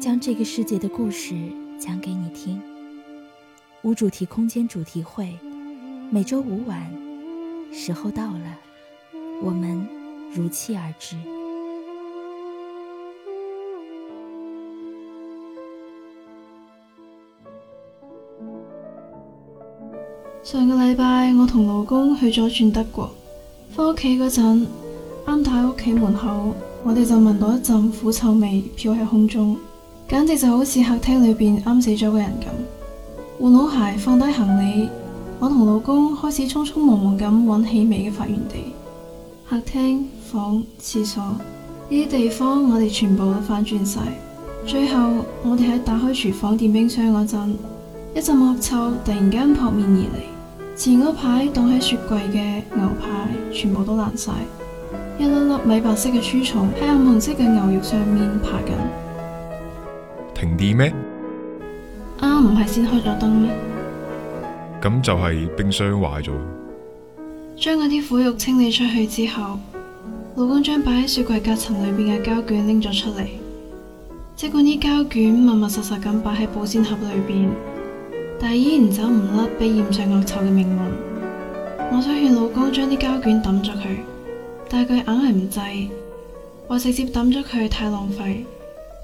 將這個世界的故事講給你聽。無主題空間主題會，每周五晚，時候到了，我們如期而至。上個禮拜，我同老公去咗轉德國，返屋企嗰陣，啱喺屋企門口，我哋就聞到一陣腐臭味飄喺空中。簡直就好似客廳裏面啱死咗個人咁，換好鞋放低行李，我同老公開始匆匆忙忙咁揾起味嘅發源地。客廳、房、廁所呢啲地方我哋全部都翻轉晒。最後我哋喺打開廚房電冰箱嗰陣，一陣惡臭突然間撲面而嚟，前嗰排凍喺雪櫃嘅牛排全部都爛晒，一粒粒米白色嘅蛆蟲喺暗紅色嘅牛肉上面爬緊。停電咩？啱唔係先開咗燈咩？咁就係冰箱壞咗。將嗰啲腐肉清理出去之後，老公將擺喺雪櫃隔層裏邊嘅膠卷拎咗出嚟。盡管啲膠卷密密實實咁擺喺保鮮盒裏邊，但係依然走唔甩被染上惡臭嘅命運。我想勸老公將啲膠卷抌咗佢，但係佢硬係唔制，話直接抌咗佢太浪費。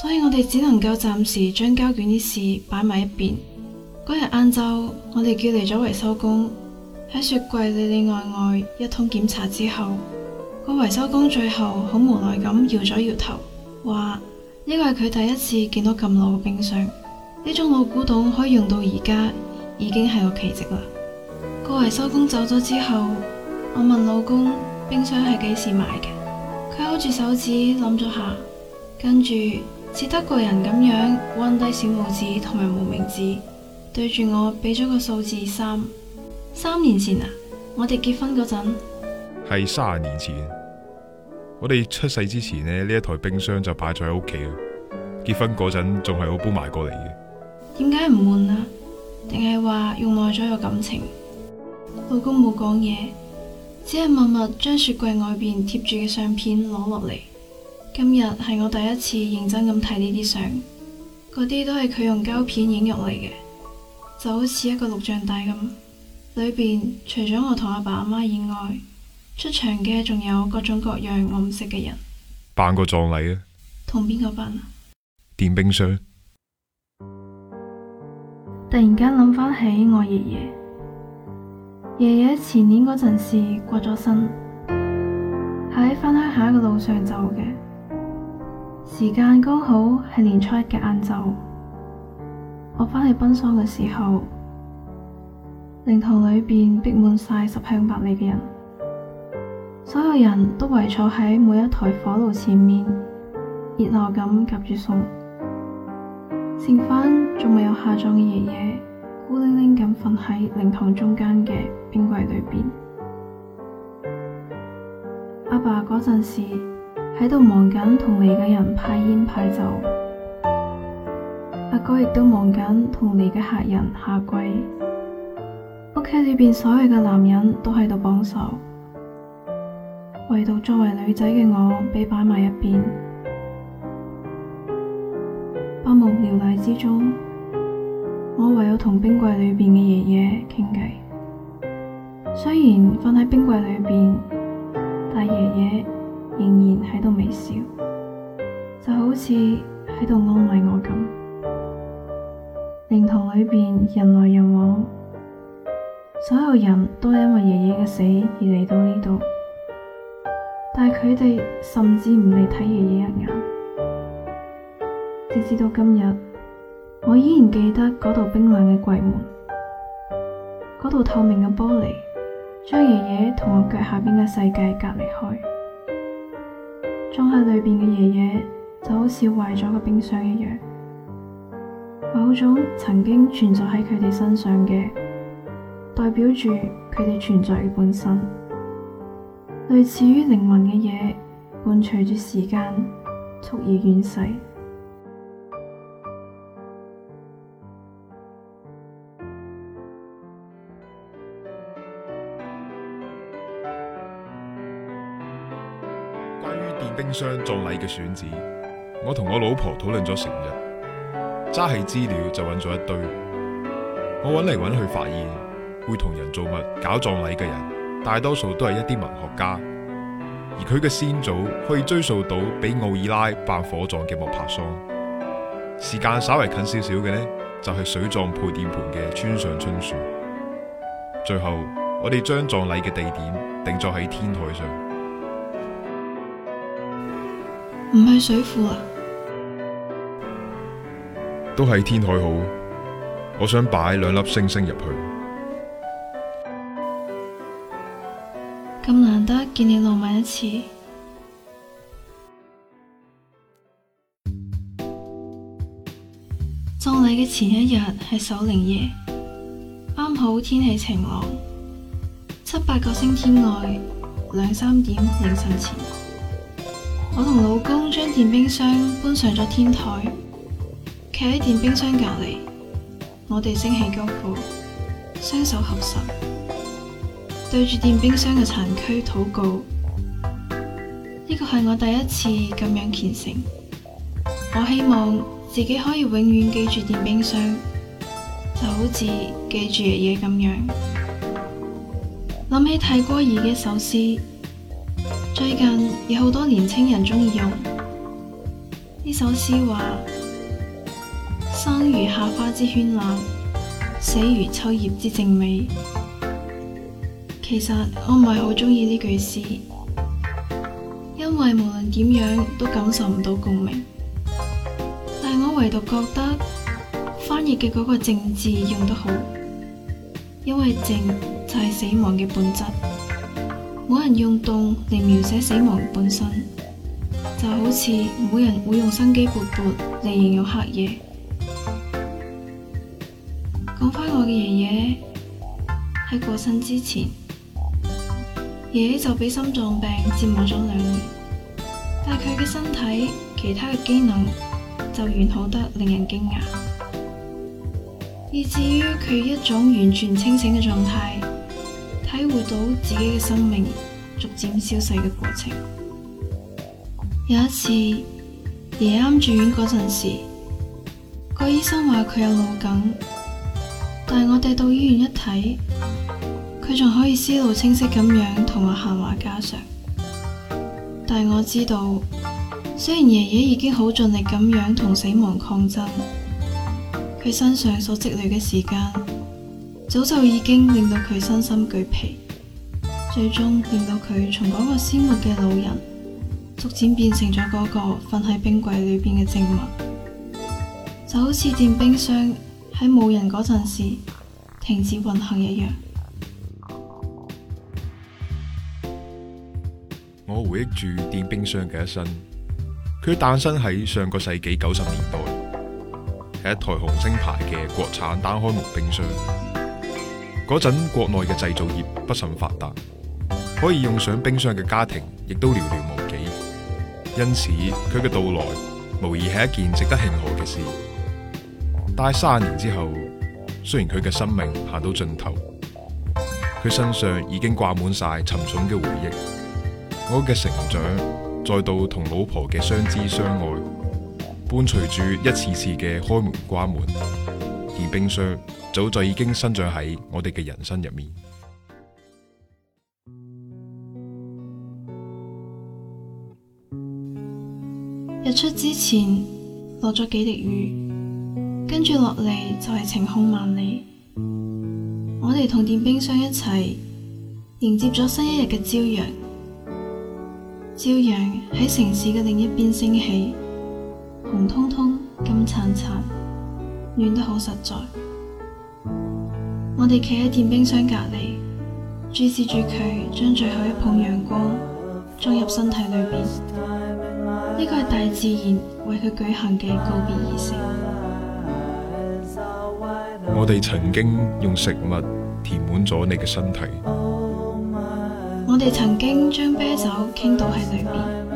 所以我哋只能夠暫時將膠卷啲事擺埋一邊。嗰日晏晝，我哋叫嚟咗維修工，喺雪櫃裏裏外外一通檢查之後，個維修工最後好無奈咁搖咗搖頭，話呢個係佢第一次見到咁老嘅冰箱，呢種老古董可以用到而家已經係個奇蹟啦。個維修工走咗之後，我問老公冰箱係幾時買嘅，佢勾住手指諗咗下，跟住，似德國人咁樣屈低小拇指同埋無名指，對住我俾咗個數字三。三年前啊，我哋結婚嗰陣係三十年前，我哋出世之前呢，呢一台冰箱就擺咗喺屋企。結婚嗰陣仲係我搬埋過嚟嘅。點解唔換啊？定係話用耐咗有感情？老公冇講嘢，只係默默將雪櫃外邊貼住嘅相片攞落嚟。今日係我第一次認真咁睇呢啲相，嗰啲都係佢用膠片影入嚟嘅，就好似一個錄像帶咁。裏邊除咗我同阿爸阿媽以外，出場嘅仲有各種各樣我唔識嘅人。辦個葬禮啊？同邊個辦啊？電冰箱。突然間諗翻起我爺爺，爺爺前年嗰陣時過咗身，喺翻鄉下嘅路上走嘅。時間剛好係年初一嘅晏晝，我返去奔喪嘅時候靈堂裏邊逼滿晒十鄉百里嘅人，所有人都圍坐喺每一台火爐前面，熱鬧咁夾住送。剩番仲未有下葬嘅爺爺，孤零零咁瞓喺靈堂中間嘅冰櫃裏邊。阿爸嗰陣時。喺度忙緊同嚟嘅人派煙派酒，阿哥亦都忙緊同嚟嘅客人下跪。屋企裏邊所有嘅男人都喺度幫手，唯獨作為女仔嘅我被擺埋一邊。百無聊賴之中，我唯有同冰櫃裏邊嘅爺爺傾偈。雖然瞓喺冰櫃裏邊，但係爺爺。仍然喺度微笑，就好似喺度安慰我咁。靈堂裏邊人來人往，所有人都因為爺爺嘅死而嚟到呢度，但係佢哋甚至唔嚟睇爺爺一眼。直至到今日，我依然記得嗰度冰涼嘅櫃門，嗰度透明嘅玻璃，將爺爺同我腳下邊嘅世界隔離開。箱喺裏面嘅爺爺就好似壞咗個冰箱一樣，某種曾經存在喺佢哋身上嘅，代表住佢哋存在嘅本身，類似於靈魂嘅嘢，伴隨住時間，速而遠逝。冰箱葬禮嘅選址，我同我老婆討論咗成日，揸起資料就揾咗一堆。我揾嚟揾去，發現會同人造物搞葬禮嘅人，大多數都係一啲文學家。而佢嘅先祖可以追溯到畀奧爾拉辦火葬嘅莫泊桑。時間稍微近少少嘅呢，就係水葬配電盤嘅村上春樹。最後，我哋將葬禮嘅地點定咗喺天台上。唔去水庫啊，都係天海好。我想擺兩粒星星入去。咁難得見你浪漫一次。葬禮嘅前一日係守靈夜，啱好天氣晴朗，七八個星天外，兩三點凌晨前。我同老公將電冰箱搬上咗天台，企喺電冰箱隔籬，我哋升起功夫，雙手合十，對住電冰箱嘅殘軀禱告。呢個係我第一次咁樣虔誠，我希望自己可以永遠記住電冰箱，就好似記住爺爺咁樣。諗起泰戈爾嘅首詩。最近有好多年輕人鍾意用呢首詩話：生如夏花之絢爛，死如秋葉之靜美。其實我唔係好鍾意呢句詩，因為無論點樣都感受唔到共鳴。但我唯獨覺得翻譯嘅嗰個“靜”字用得好，因為“靜”就係死亡嘅本質。冇人用凍嚟描寫死亡本身，就好似冇人會用生機勃勃嚟形容黑夜。講返我嘅爺爺，喺過身之前，爺爺就俾心臟病折磨咗兩年，但係佢嘅身體其他嘅機能就完好得令人驚訝，以至於佢以一種完全清醒嘅狀態。體會到自己嘅生命逐漸消逝嘅過程。有一次，爺爺啱住院嗰陣時，個醫生話佢有腦梗，但我哋到醫院一睇，佢仲可以思路清晰咁樣同我閒話家常。但我知道，雖然爺爺已經好盡力咁樣同死亡抗爭，佢身上所積累嘅時間。早就已經令到佢身心俱疲，最終令到佢從嗰個鮮活嘅老人，逐漸變成咗嗰個瞓喺冰櫃裏邊嘅靜物，就好似電冰箱喺冇人嗰陣時停止運行一樣。我回憶住電冰箱嘅一生，佢誕生喺上個世紀九十年代，係一台紅星牌嘅國產單開門冰箱。嗰陣國內嘅製造業不甚發達，可以用上冰箱嘅家庭亦都寥寥無幾，因此佢嘅到來無疑係一件值得慶賀嘅事。但係卅年之後，雖然佢嘅生命行到盡頭，佢身上已經掛滿晒沉重嘅回憶。我嘅成長，再到同老婆嘅相知相愛，伴隨住一次次嘅開門關門。電冰箱早就已經生長喺我哋嘅人生入面。日出之前落咗幾滴雨，跟住落嚟就係晴空萬里。我哋同電冰箱一齊迎接咗新一日嘅朝陽。朝陽喺城市嘅另一邊升起，紅通通燦燦、金燦燦。暖得好實在。我哋企喺電冰箱隔籬，注視住佢將最後一捧陽光裝入身體裏邊。呢個係大自然為佢舉行嘅告別儀式。我哋曾經用食物填滿咗你嘅身體，我哋曾經將啤酒傾倒喺裏邊。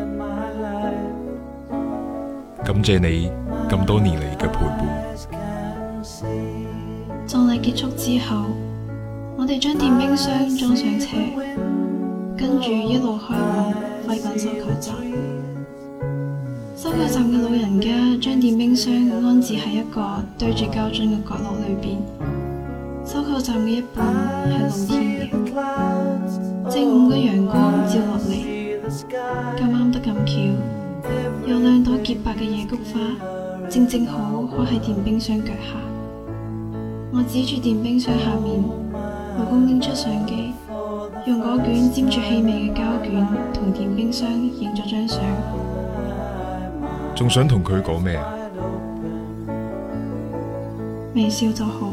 感謝你咁多年嚟嘅陪伴。葬禮結束之後，我哋將電冰箱裝上車，跟住一路開往廢品收購站。收購站嘅老人家將電冰箱安置喺一個堆住膠樽嘅角落裏邊。收購站嘅一半係露天嘅，正午嘅陽光照落嚟，咁啱得咁巧，有兩朵潔白嘅野菊花正正好開喺電冰箱腳下。我指住電冰箱下面，老公拎出相機，用嗰卷沾住氣味嘅膠卷同電冰箱影咗張相。仲想同佢講咩啊？微笑就好。